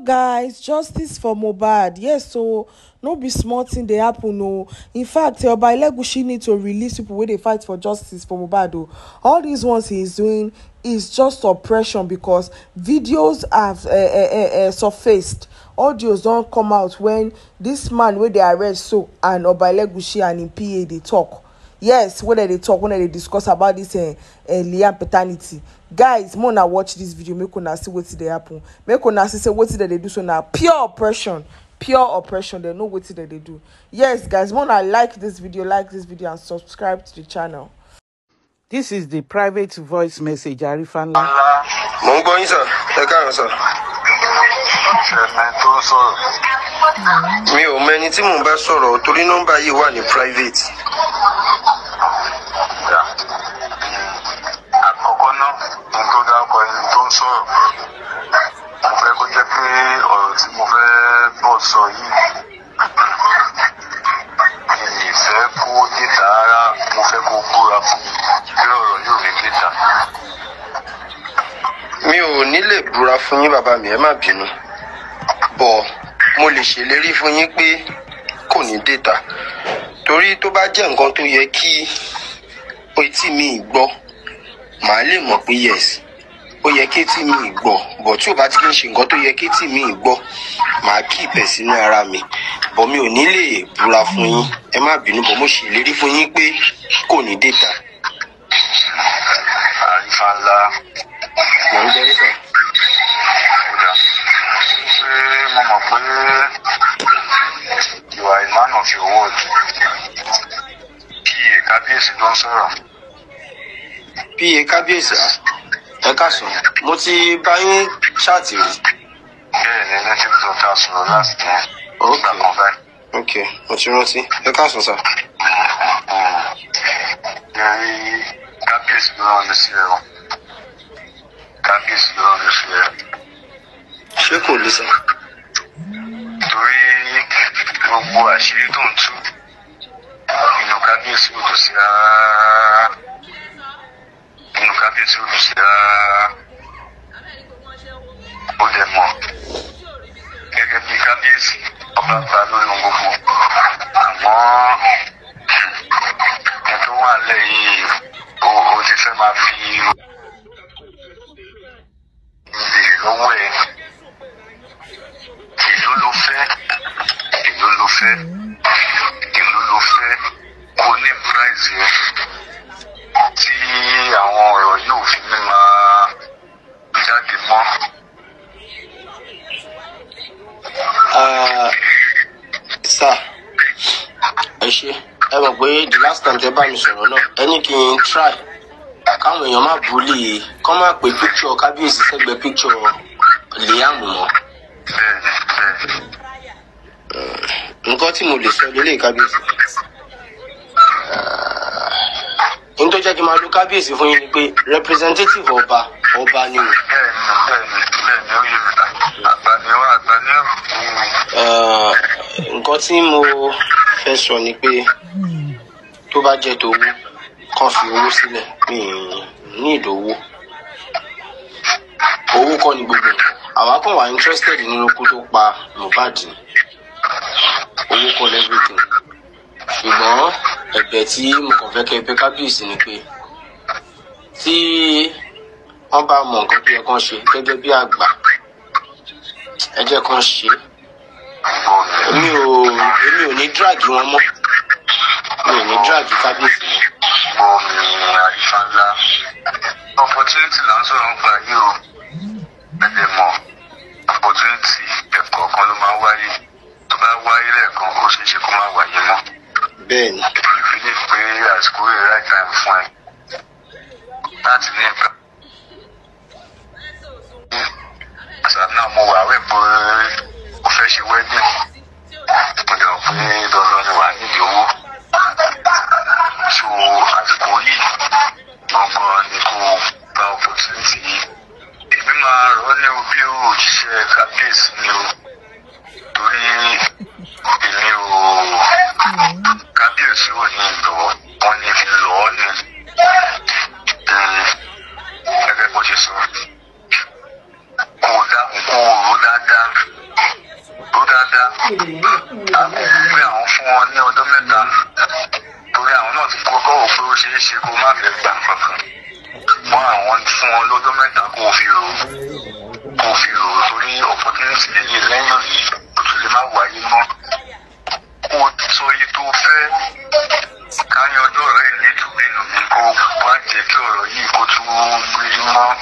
guys justice for Mobad. yes so no be small the apple, happen in fact oba elegushi need to release people where they fight for justice for Mobad. Oh. all these ones he is doing is just oppression because videos have eh, eh, eh, surfaced audios not come out when this man where they arrest so and oba elegushi and in pa they talk. yes when they talk, when they dem discuss about dis liam paternity guys more na watch this video make una see wetin dey happen make una see say wetin dem dey do so na pure oppression pure oppression dem know wetin dem dey do yes guys more na like this video like this video and subscribe to the channel. this is the private voice message arifanla. mo ń gbọ́ yín sir ẹ káàárọ̀ sir. ẹ̀mẹ̀ tó sọ̀rọ̀. mi ò mọ ẹni tí mò bá sọ̀rọ̀ torí nọ́mbà yìí wà ní private. ń sọ̀rọ̀ mo fẹ́ kó jẹ́ pé ọ̀rọ̀ tí mo fẹ́ bọ̀ sọ yìí mi fẹ́ kó níta rárá mo fẹ́ kó búra fún mi pé ọ̀rọ̀ yóò rí níta. mi ò ní lè búra fún yín bàbá mi ẹ má bínú bọ̀ mo lè ṣèlérí fún yín pé kò ní dèta torí tó bá jẹ́ nǹkan tó yẹ kí etí mi gbọ́ màá lè mọ̀ pé yẹ̀sì ó yẹ kí tí mi gbọ́ bọ̀ tí ò bá ti kí n ṣe nǹkan tó yẹ kí tí mi gbọ́ màá kí ìbẹ̀ sínú ara mi bọ̀ mi ò ní lè búra fún yín ẹ má bínú bọ̀ mo ṣèlérí fún yín pé kò ní dèta. àrífà mo ń gbẹ́rẹ́ sọ. ṣé mo mọ̀ pé you are a man of your word kí ló ń sọ̀rọ̀. pa kábíyèsí ẹ káàsán mo ti bá yín ṣáàtì rí. bẹ́ẹ̀ni ló ti tó ta sùn last year. ok ok mo ti rántí ẹ káàsán sá. yẹri kábíyèsí ló rán mi sí ẹ o kábíyèsí ló rán mi sí ẹ. ṣé kò lè sá. torí gbogbo àṣírí tó ń tú inú kábíyèsí ò tó sí rárá bí ti rù sí rárá ó lè mọ̀ gẹ́gẹ́ bí kábíyèsí ọba ta lórí ohun gbogbo. pé the last time tẹ bá mi sọ̀rọ̀ náà ẹni kì í try káwọn èèyàn má búlì kọ́ má pé píkṣọ kábíyèsí sẹ́gbẹ́ píkṣọ Liam mọ́. Eh, nǹkan tí mo lè sọ lélẹ̀ kábíyèsí. Eh, n tó jẹ́ kí n máa lo kábíyèsí fún yín ni pé representative ọba ọba ni o. Eh, nǹkan tí mo fẹ́ sọ ni pé tó bá jẹ́ tòwó kàn fi owó sílẹ̀ mi ní ìdòwó owó kọ́ ni gbogbo àwa kàn wà interested nínú kó tó pa Mohbad owó kọ́ lẹ́gbẹ̀tìn ṣùgbọ́n ẹ̀bẹ̀ tí mo kàn fẹ́ kẹ́ pé kábíyèsí ni pé tí wọ́n bá mọ nǹkan tó yẹ kán ṣe gẹ́gẹ́ bí àgbà ẹ kán ṣe èmi ò èmi ò ní drag wọn mọ́ mi ò ní drag kábíyèsí. mo ní àyíká ṣeé ṣe kó má fẹ́ gbà kankan mọ àwọn fún ọ lọ́jọ́ mẹ́ta kó o fi rò kó o fi rò torí opportunity yìí lẹ́yìn yìí kò tún lè má wáyé mọ́ kó o sọ iye tó fẹ́ ká ní ọjọ́ rẹ̀ nítorí mi kó wá jẹ́ kí ọ̀rọ̀ yìí kó tún rí mọ́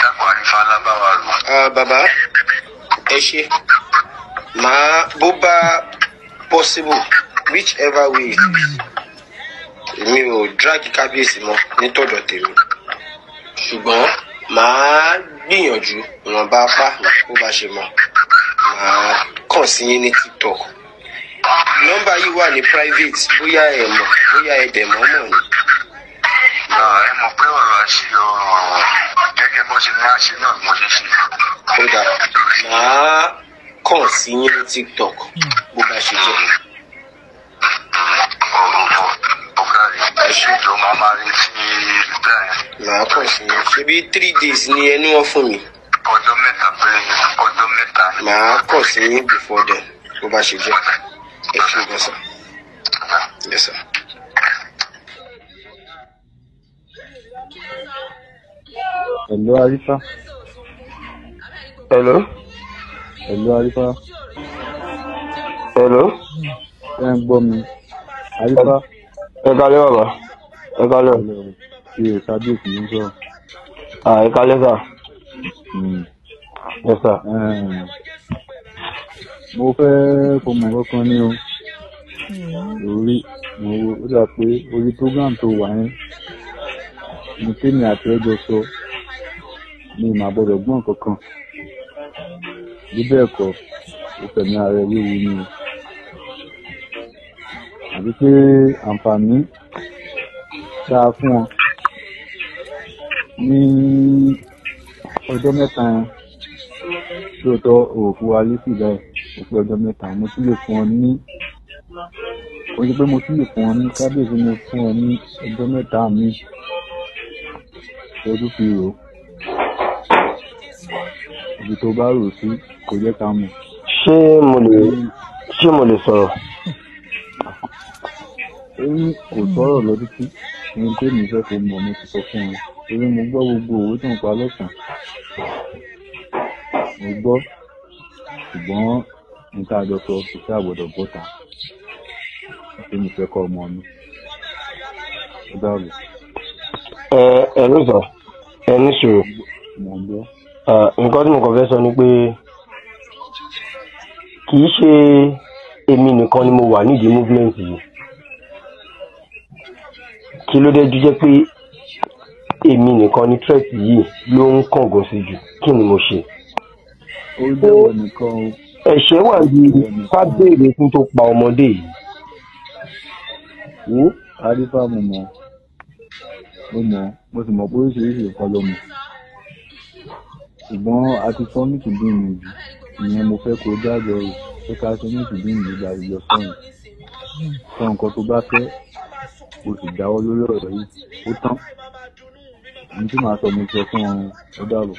dàpọ̀ àrífà alábáwa rò. bàbá ẹ ṣe màá bó bá possible whichever way èmi ò drag kábíyèsí mọ́ nítọ̀dọ̀ tèmi ṣùgbọ́n màá gbìyànjú ìwọ̀nba apá bó bá ṣe mọ́ màá kàn sí yín ní tiktok nọ́mbà yìí wà ní private bóyá ẹ mọ̀ bóyá ẹ dẹ̀ mọ̀ mọ̀ ni. ẹ mọ̀ pé ọ̀rọ̀ àṣìlò gẹ́gẹ́ bó ṣe ní àṣẹ náà mo ṣe ṣe. kódà màá kàn sí yín ní tiktok bó bá ṣe jẹ́. ṣebí three days ni ẹnu wọn fún mi. ọjọ́ mẹ́ta péré ni ọjọ́ mẹ́ta. màá kọ̀ sí yín before then bó bá ṣe jẹ́ ẹ ṣe gbọ́n sọ. Yes, sir. Hello, Arifa. Hello. Hello, Arifa. Hello. Ṣé ń gbọ́ mi? Arifa. Ẹ kalẹ́ bàbá. Ẹ kalẹ́. Ṣé kábíyèsí ń sọ̀rọ̀? ẹ kálẹ́ sà. ẹ sà. mo fẹ́ kó mọ̀ kankan ní o lórí mo wo ó dà pé orí program tó wà yẹn mo tẹ́mi àti ẹjọ́ sọ mi mà gbọ́dọ̀ gbọ́n kankan bí bẹ́ẹ̀ kọ́ ó fẹ̀mí ara ẹ̀ wíwu ni o àti pé àǹfààní tá fún wọn ní ọjọ́ mẹ́ta lóòótọ́ òòfù wa lẹ́sì báyìí ó pé ọjọ́ mẹ́ta mo tún lè fún ọ ní ó ṣe pé mo tún lè fún ọ ní kábíyèsí mo fún ọ ní ọjọ́ mẹ́ta mi lọ́dún fi rò ó ibi tó bá rò sí kò jẹ́ ká mọ̀. ṣé mo lè ṣé mo lè sọ̀rọ̀. èyí kò sọ̀rọ̀ lọ́dún tí ohun tó mi fẹ́ fún mọ̀ mo ti sọ fún ọ torí mo gbọ́ gbogbo òwe tó ń pa lọ́sàn-án mo gbọ́ ṣùgbọ́n nǹkan àjọsọ kò sí àgbọ̀dọ̀ bọ́ta pé mo fẹ́ kọ́ ọmọ mi ó dàrú. ẹ ẹ ló sọ ẹ ní sùúrù nǹkan tí mo kàn fẹ́ sọ ni pé kì í ṣe èmi nìkan ni mo wà nídìí movement yìí kí ló dé jíjẹ́ pé èmi nìkan ni threat yìí ló ń kàngùn sí jù kí ni mo ṣe. ẹ̀ṣẹ̀ wà ní ká béèrè fún tó pa ọmọdé yìí. wo àrífà mo mọ̀ mo mọ̀ mo sì mọ̀ pé oríṣiríṣi nǹkan ló mọ̀ ṣùgbọ́n a ti sọ nítùbí mi jù ìyẹn mo fẹ́ kó dájọ rò pé ká sọ nítùbí mi gba ìyọ sọ́hùn sọ nǹkan tó bá fẹ́ o sì dáwọ́ lórí ọ̀rọ̀ yìí ó tán ní tí sọ mo sọ fún ọ ọ dàbọ̀.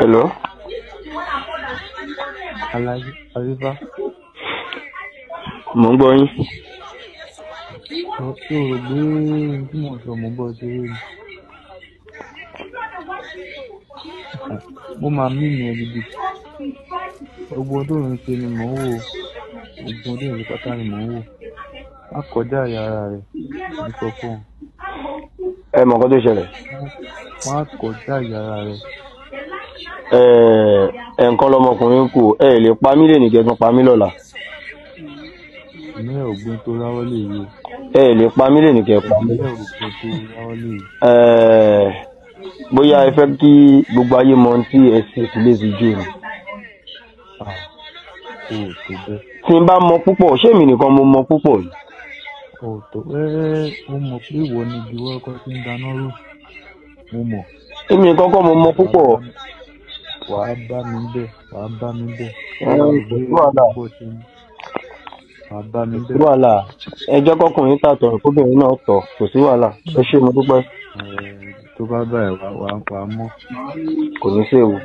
Hello. Alaji, Alifa. Mo ń gbọ́ yín. Mo ń gbé ohun tí mo sọ mo ń sí rí mo máa mímì ẹ gidi gbogbo ohun tó ń ṣe ni mò ń wò gbogbo ohun tó ń ṣe pátá ni mò ń wò má kọjá àyà ara rẹ ní sọ fún ọ. ẹ mọ̀ nǹkan tó ṣẹlẹ̀. má kọjá àyà ara rẹ. ẹ nǹkan lọmọkùnrin kù ẹ lè pa mí lè ní kẹtùn pa mí lọ́la. ìmílẹ̀ ògbìn tó ráwọ́ lè yé. ẹ lè pa mí lè ní kẹtùn. ìmílẹ̀ ògbìn tó ráwọ́ lè yé bóyá ẹ fẹ́ kí gbogbo ayé mọ tí ẹ ṣe sílé fídíò ni. tí n bá mọ púpọ̀ ṣé èmi nìkan mo mọ púpọ̀ ni. ọ̀tọ̀ wẹ́rẹ́ mo mọ̀ pé ìwọ ni ibi wọ́ọ́kọ́ ti ń dáná rò mo mọ̀. èmi nìkan kọ́ mo mọ púpọ̀. wàá bá mi bẹ́ẹ̀ wàá bá mi bẹ́ẹ̀. kò sí wàhálà ẹjọ́ kọkùnrin tàtọ̀ kóbìnrin náà tọ̀ kò sí wàhálà ẹ ṣé mo dúpẹ́ tó bá bá ẹ wàá mọ̀ kò ní í ṣèwọ